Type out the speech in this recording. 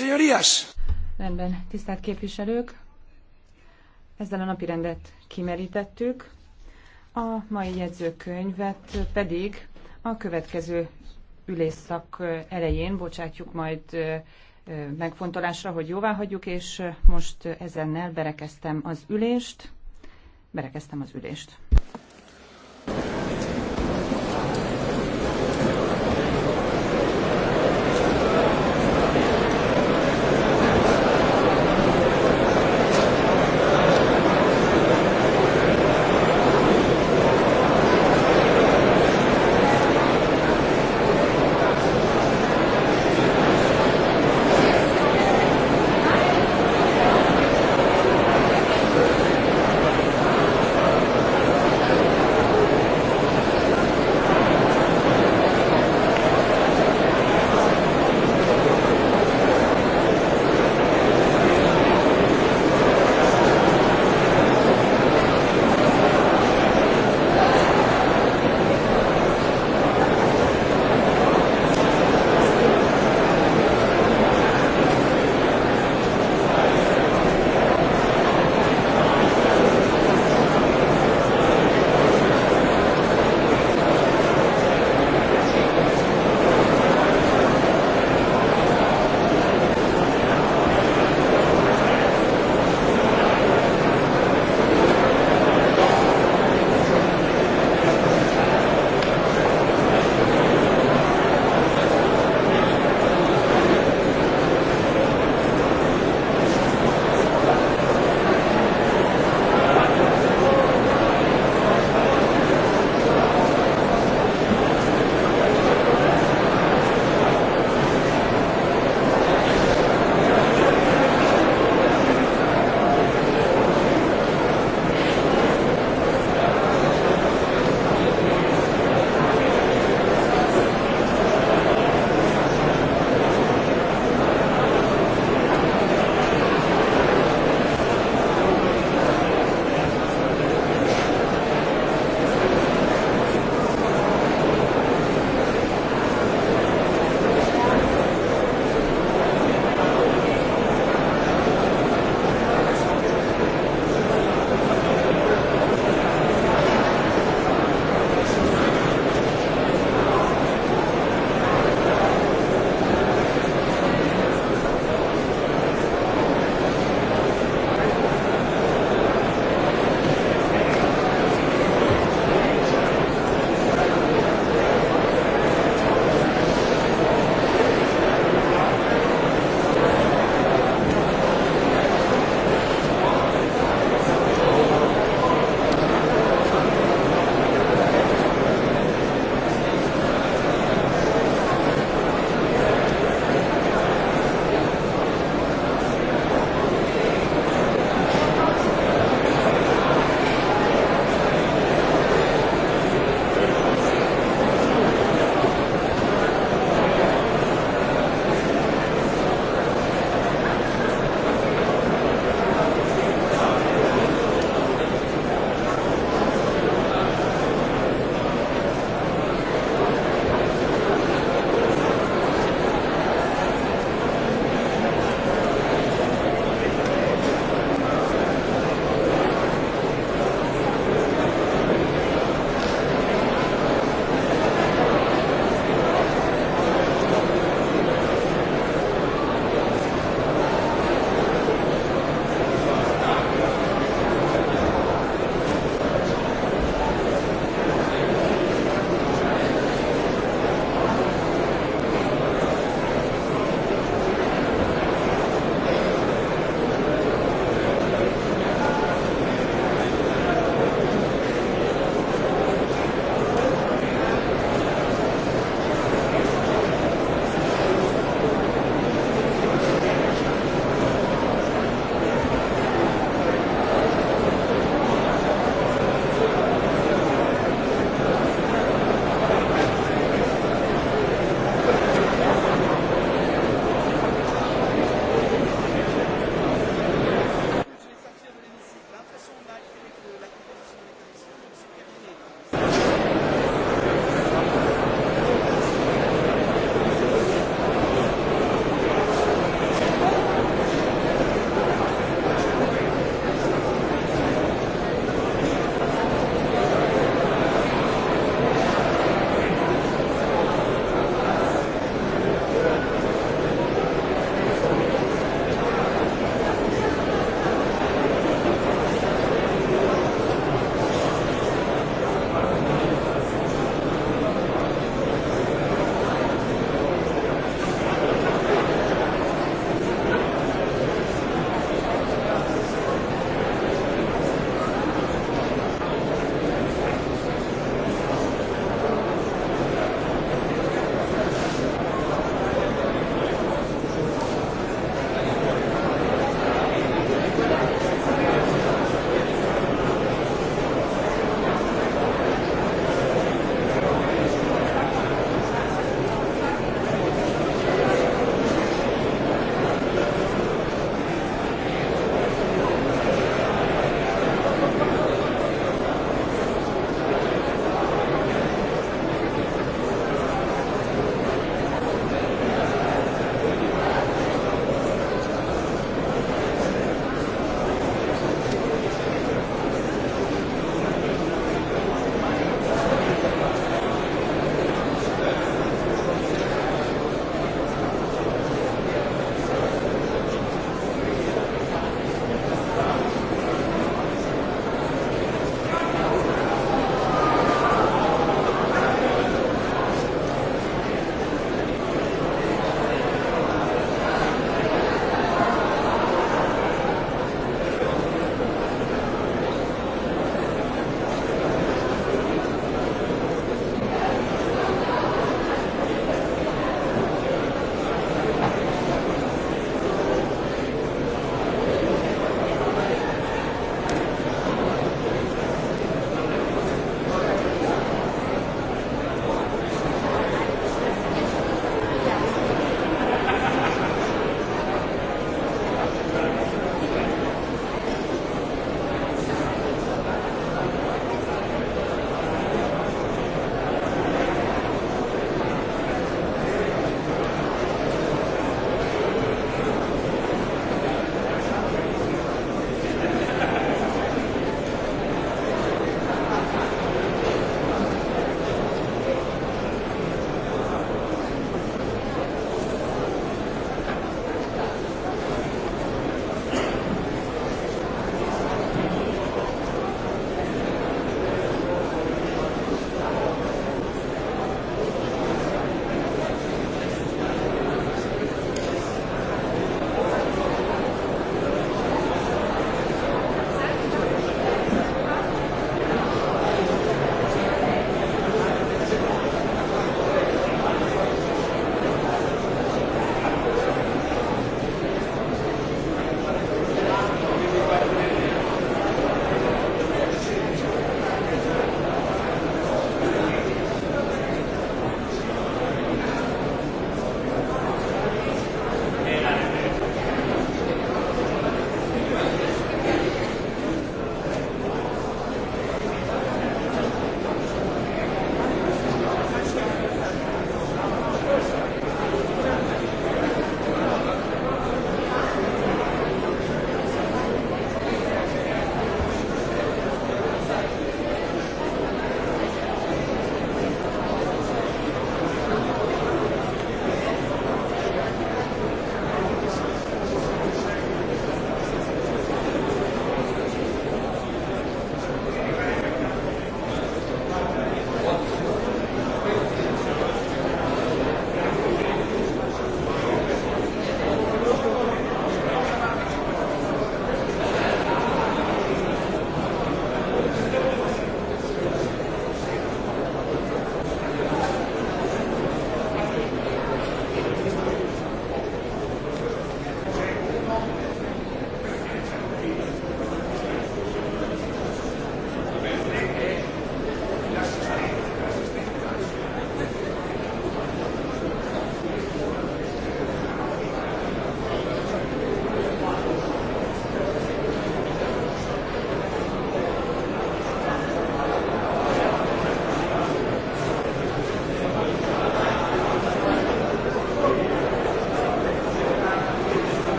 Señorías. Rendben, tisztelt képviselők! Ezzel a napirendet kimerítettük, a mai jegyzőkönyvet pedig a következő ülésszak elején bocsátjuk majd megfontolásra, hogy jóvá hagyjuk, és most ezennel berekeztem az ülést. Berekeztem az ülést.